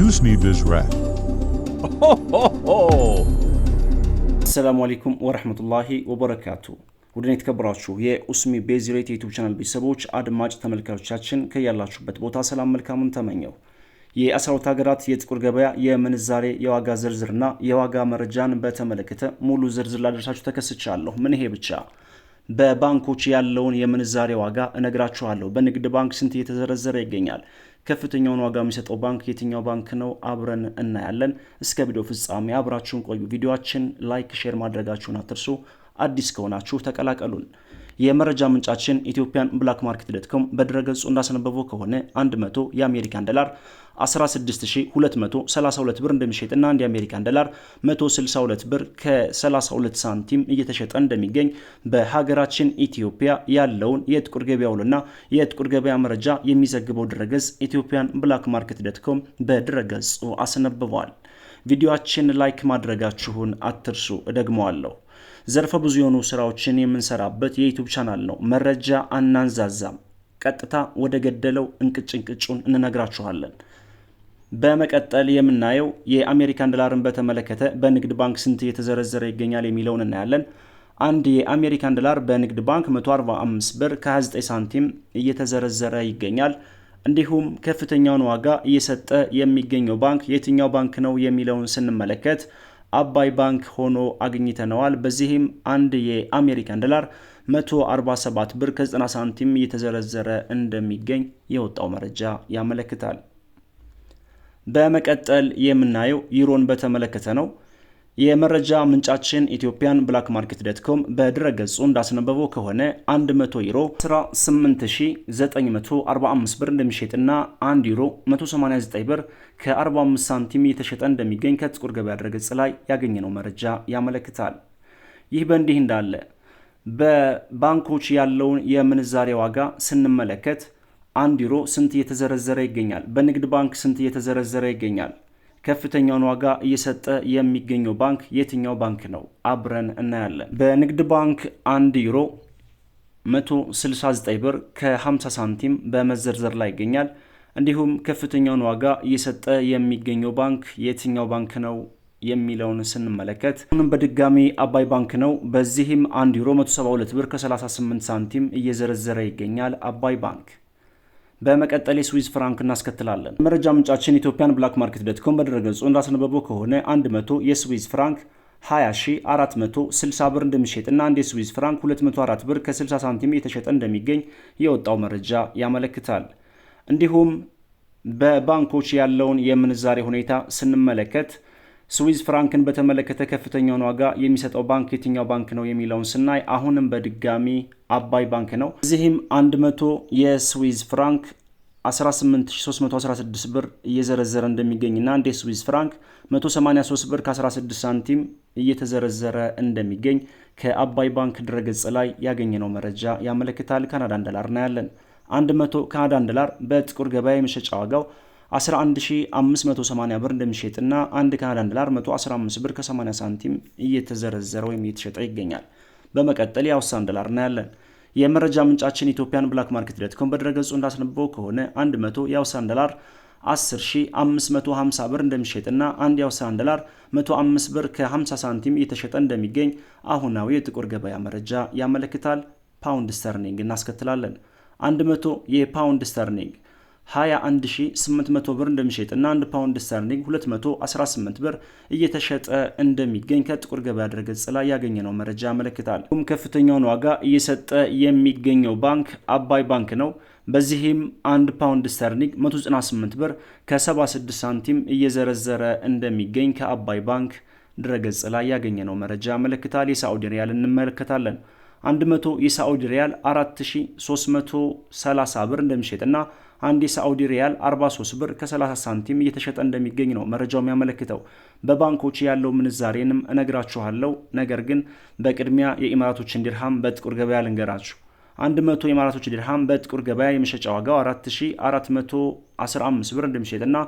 ዩስ ኒድ ዚስ አሰላሙ አለይኩም ወረህመቱላሂ ወበረካቱ። ውድን የተከበራችሁ የኡስሚ ቤዝሬት የዩቱብ ቻናል ቤተሰቦች አድማጭ ተመልካቾቻችን ከያላችሁበት ቦታ ሰላም መልካሙን ተመኘው። ሀገራት የጥቁር ገበያ የምንዛሬ የዋጋ ዝርዝርና የዋጋ መረጃን በተመለከተ ሙሉ ዝርዝር ላደርሳችሁ ተከስቻለሁ። ምን ይሄ ብቻ በባንኮች ያለውን የምንዛሬ ዋጋ እነግራችኋለሁ። በንግድ ባንክ ስንት እየተዘረዘረ ይገኛል? ከፍተኛውን ዋጋ የሚሰጠው ባንክ የትኛው ባንክ ነው? አብረን እናያለን። እስከ ቪዲዮ ፍጻሜ አብራችሁን ቆዩ። ቪዲዮችን ላይክ፣ ሼር ማድረጋችሁን አትርሱ። አዲስ ከሆናችሁ ተቀላቀሉን። የመረጃ ምንጫችን ኢትዮጵያን ብላክ ማርኬት ዶትኮም በድረገጹ እንዳስነበበው ከሆነ 100 የአሜሪካን ዶላር 16232 ብር እንደሚሸጥና አንድ የአሜሪካን ዶላር 162 ብር ከ32 ሳንቲም እየተሸጠ እንደሚገኝ በሀገራችን ኢትዮጵያ ያለውን የጥቁር ገበያ ውሎና የጥቁር ገበያ መረጃ የሚዘግበው ድረገጽ ኢትዮጵያን ብላክ ማርኬት ዶትኮም በድረገጹ አስነብቧል። ቪዲዮአችን ላይክ ማድረጋችሁን አትርሱ። እደግመዋለሁ። ዘርፈ ብዙ የሆኑ ስራዎችን የምንሰራበት የዩቱብ ቻናል ነው። መረጃ አናንዛዛም፣ ቀጥታ ወደ ገደለው እንቅጭ እንቅጩን እንነግራችኋለን። በመቀጠል የምናየው የአሜሪካን ዶላርን በተመለከተ በንግድ ባንክ ስንት እየተዘረዘረ ይገኛል የሚለውን እናያለን። አንድ የአሜሪካን ዶላር በንግድ ባንክ 145 ብር ከ29 ሳንቲም እየተዘረዘረ ይገኛል። እንዲሁም ከፍተኛውን ዋጋ እየሰጠ የሚገኘው ባንክ የትኛው ባንክ ነው የሚለውን ስንመለከት አባይ ባንክ ሆኖ አግኝተነዋል። በዚህም አንድ የአሜሪካን ዶላር 147 ብር ከ90 ሳንቲም እየተዘረዘረ እንደሚገኝ የወጣው መረጃ ያመለክታል። በመቀጠል የምናየው ዩሮን በተመለከተ ነው። የመረጃ ምንጫችን ኢትዮጵያን ብላክ ማርኬት በድረ በድረገጹ እንዳስነበበው ከሆነ 100 ዩሮ 18945 ብር እንደሚሸጥና 1 ዩሮ 189 ብር ከ45 ሳንቲም የተሸጠ እንደሚገኝ ከጥቁር ገበያ ድረገጽ ላይ ያገኘነው መረጃ ያመለክታል። ይህ በእንዲህ እንዳለ በባንኮች ያለውን የምንዛሬ ዋጋ ስንመለከት አንድ ዩሮ ስንት እየተዘረዘረ ይገኛል? በንግድ ባንክ ስንት እየተዘረዘረ ይገኛል? ከፍተኛውን ዋጋ እየሰጠ የሚገኘው ባንክ የትኛው ባንክ ነው? አብረን እናያለን። በንግድ ባንክ አንድ ዩሮ 169 ብር ከ50 ሳንቲም በመዘርዘር ላይ ይገኛል። እንዲሁም ከፍተኛውን ዋጋ እየሰጠ የሚገኘው ባንክ የትኛው ባንክ ነው የሚለውን ስንመለከት አሁንም በድጋሚ አባይ ባንክ ነው። በዚህም 1 ዩሮ 172 ብር ከ38 ሳንቲም እየዘረዘረ ይገኛል አባይ ባንክ በመቀጠል የስዊዝ ፍራንክ እናስከትላለን። መረጃ ምንጫችን ኢትዮጵያን ብላክ ማርኬት ዶትኮም በድረገጹ እንዳስነበበው ከሆነ 100 የስዊዝ ፍራንክ 20460 ብር እንደሚሸጥ እና አንድ የስዊዝ ፍራንክ 204 ብር ከ60 ሳንቲም የተሸጠ እንደሚገኝ የወጣው መረጃ ያመለክታል። እንዲሁም በባንኮች ያለውን የምንዛሬ ሁኔታ ስንመለከት ስዊዝ ፍራንክን በተመለከተ ከፍተኛውን ዋጋ የሚሰጠው ባንክ የትኛው ባንክ ነው የሚለውን ስናይ አሁንም በድጋሚ አባይ ባንክ ነው። እዚህም 100 የስዊዝ ፍራንክ 18316 ብር እየዘረዘረ እንደሚገኝና አንድ የስዊዝ ፍራንክ 183 ብር ከ16 ሳንቲም እየተዘረዘረ እንደሚገኝ ከአባይ ባንክ ድረገጽ ላይ ያገኘነው መረጃ ያመለክታል። ካናዳን ዶላር እናያለን። 100 ካናዳን ዶላር በጥቁር ገበያ የመሸጫ ዋጋው 11580 ብር እንደሚሸጥና አንድ ካናዳን ዶላር 115 ብር ከ80 ሳንቲም እየተዘረዘረ ወይም እየተሸጠ ይገኛል። በመቀጠል የአውሳን ዶላር እናያለን። የመረጃ ምንጫችን ኢትዮጵያን ብላክ ማርኬት ዶት ኮም በድረገጹ እንዳስነበበው ከሆነ 100 የአውሳን ዶላር 10550 ብር እንደሚሸጥና አንድ የአውስትራሊያን ዶላር 105 ብር ከ50 ሳንቲም እየተሸጠ እንደሚገኝ አሁናዊ የጥቁር ገበያ መረጃ ያመለክታል። ፓውንድ ስተርሊንግ እናስከትላለን። 100 የፓውንድ ስተርሊንግ 21800 ብር እንደሚሸጥ እና 1 ፓውንድ ስተርሊንግ 218 ብር እየተሸጠ እንደሚገኝ ከጥቁር ገበያ ድረገጽ ላይ ያገኘነው መረጃ ያመለክታል። ሁም ከፍተኛውን ዋጋ እየሰጠ የሚገኘው ባንክ አባይ ባንክ ነው። በዚህም 1 ፓውንድ ስተርሊንግ 198 ብር ከ76 ሳንቲም እየዘረዘረ እንደሚገኝ ከአባይ ባንክ ድረገጽ ላይ ያገኘነው መረጃ ያመለክታል። የሳዑዲ ሪያል እንመለከታለን። 100 የሳዑዲ ሪያል 4330 ብር እንደሚሸጥና አንድ የሳዑዲ ሪያል 43 ብር ከ30 ሳንቲም እየተሸጠ እንደሚገኝ ነው መረጃው የሚያመለክተው። በባንኮች ያለው ምንዛሬንም እነግራችኋለሁ። ነገር ግን በቅድሚያ የኢማራቶችን ዲርሃም በጥቁር ገበያ ልንገራችሁ። 100 የኢማራቶች ዲርሃም በጥቁር ገበያ የመሸጫ ዋጋው 4415 ብር እንደሚሸጥና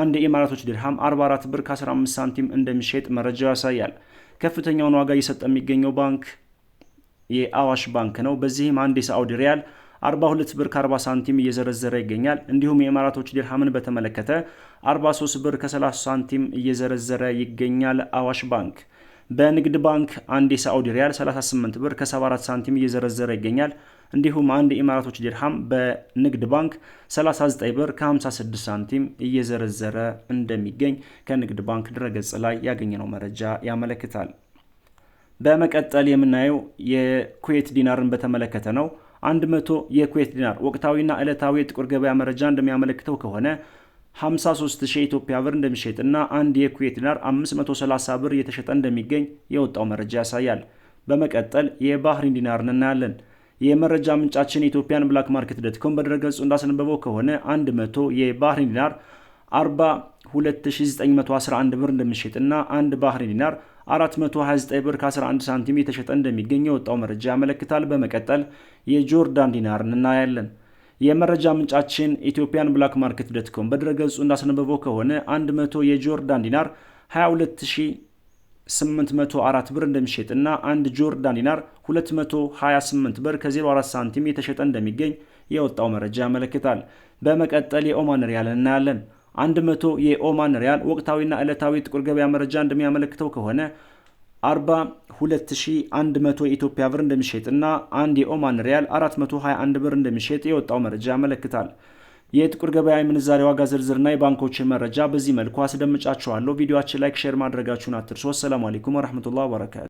አንድ የኢማራቶች ዲርሃም 44 ብር ከ15 ሳንቲም እንደሚሸጥ መረጃው ያሳያል። ከፍተኛውን ዋጋ እየሰጠ የሚገኘው ባንክ የአዋሽ ባንክ ነው። በዚህም አንድ የሳዑዲ ሪያል 42 ብር ከ40 ሳንቲም እየዘረዘረ ይገኛል። እንዲሁም የኢማራቶች ዲርሃምን በተመለከተ 43 ብር ከ30 ሳንቲም እየዘረዘረ ይገኛል። አዋሽ ባንክ በንግድ ባንክ አንድ የሳዑዲ ሪያል 38 ብር ከ74 ሳንቲም እየዘረዘረ ይገኛል። እንዲሁም አንድ የኢማራቶች ዲርሃም በንግድ ባንክ 39 ብር ከ56 ሳንቲም እየዘረዘረ እንደሚገኝ ከንግድ ባንክ ድረገጽ ላይ ያገኘነው መረጃ ያመለክታል። በመቀጠል የምናየው የኩዌት ዲናርን በተመለከተ ነው። 100 የኩዌት ዲናር ወቅታዊና ዕለታዊ የጥቁር ገበያ መረጃ እንደሚያመለክተው ከሆነ 53000 የኢትዮጵያ ብር እንደሚሸጥና አንድ የኩዌት ዲናር 530 ብር እየተሸጠ እንደሚገኝ የወጣው መረጃ ያሳያል። በመቀጠል የባህሪን ዲናርን እናያለን። የመረጃ ምንጫችን ኢትዮጵያን ብላክ ማርኬት ዶት ኮም በድረገጹ እንዳስነበበው ከሆነ 100 የባህሪን ዲናር 40 2911 ብር እንደሚሸጥና አንድ ባህሬን ዲናር 429 ብር ከ11 ሳንቲም የተሸጠ እንደሚገኝ የወጣው መረጃ ያመለክታል። በመቀጠል የጆርዳን ዲናርን እናያለን። የመረጃ ምንጫችን ኢትዮጵያን ብላክ ማርኬት ዶትኮም በድረገጹ እንዳስነበበው ከሆነ 100 የጆርዳን ዲናር 22804 ብር እንደሚሸጥና አንድ ጆርዳን ዲናር 228 ብር ከ04 ሳንቲም የተሸጠ እንደሚገኝ የወጣው መረጃ ያመለክታል። በመቀጠል የኦማን ሪያልን እናያለን። 100 የኦማን ሪያል ወቅታዊና ዕለታዊ ጥቁር ገበያ መረጃ እንደሚያመለክተው ከሆነ 42100 የኢትዮጵያ ብር እንደሚሸጥና አንድ የኦማን ሪያል 421 ብር እንደሚሸጥ የወጣው መረጃ ያመለክታል። የጥቁር ገበያ የምንዛሬ ዋጋ ዝርዝርና የባንኮችን መረጃ በዚህ መልኩ አስደምጫችኋለሁ። ቪዲዮችን ላይክ፣ ሼር ማድረጋችሁን አትርሱ። አሰላሙ አሌይኩም ወረህመቱላህ ወበረካቱ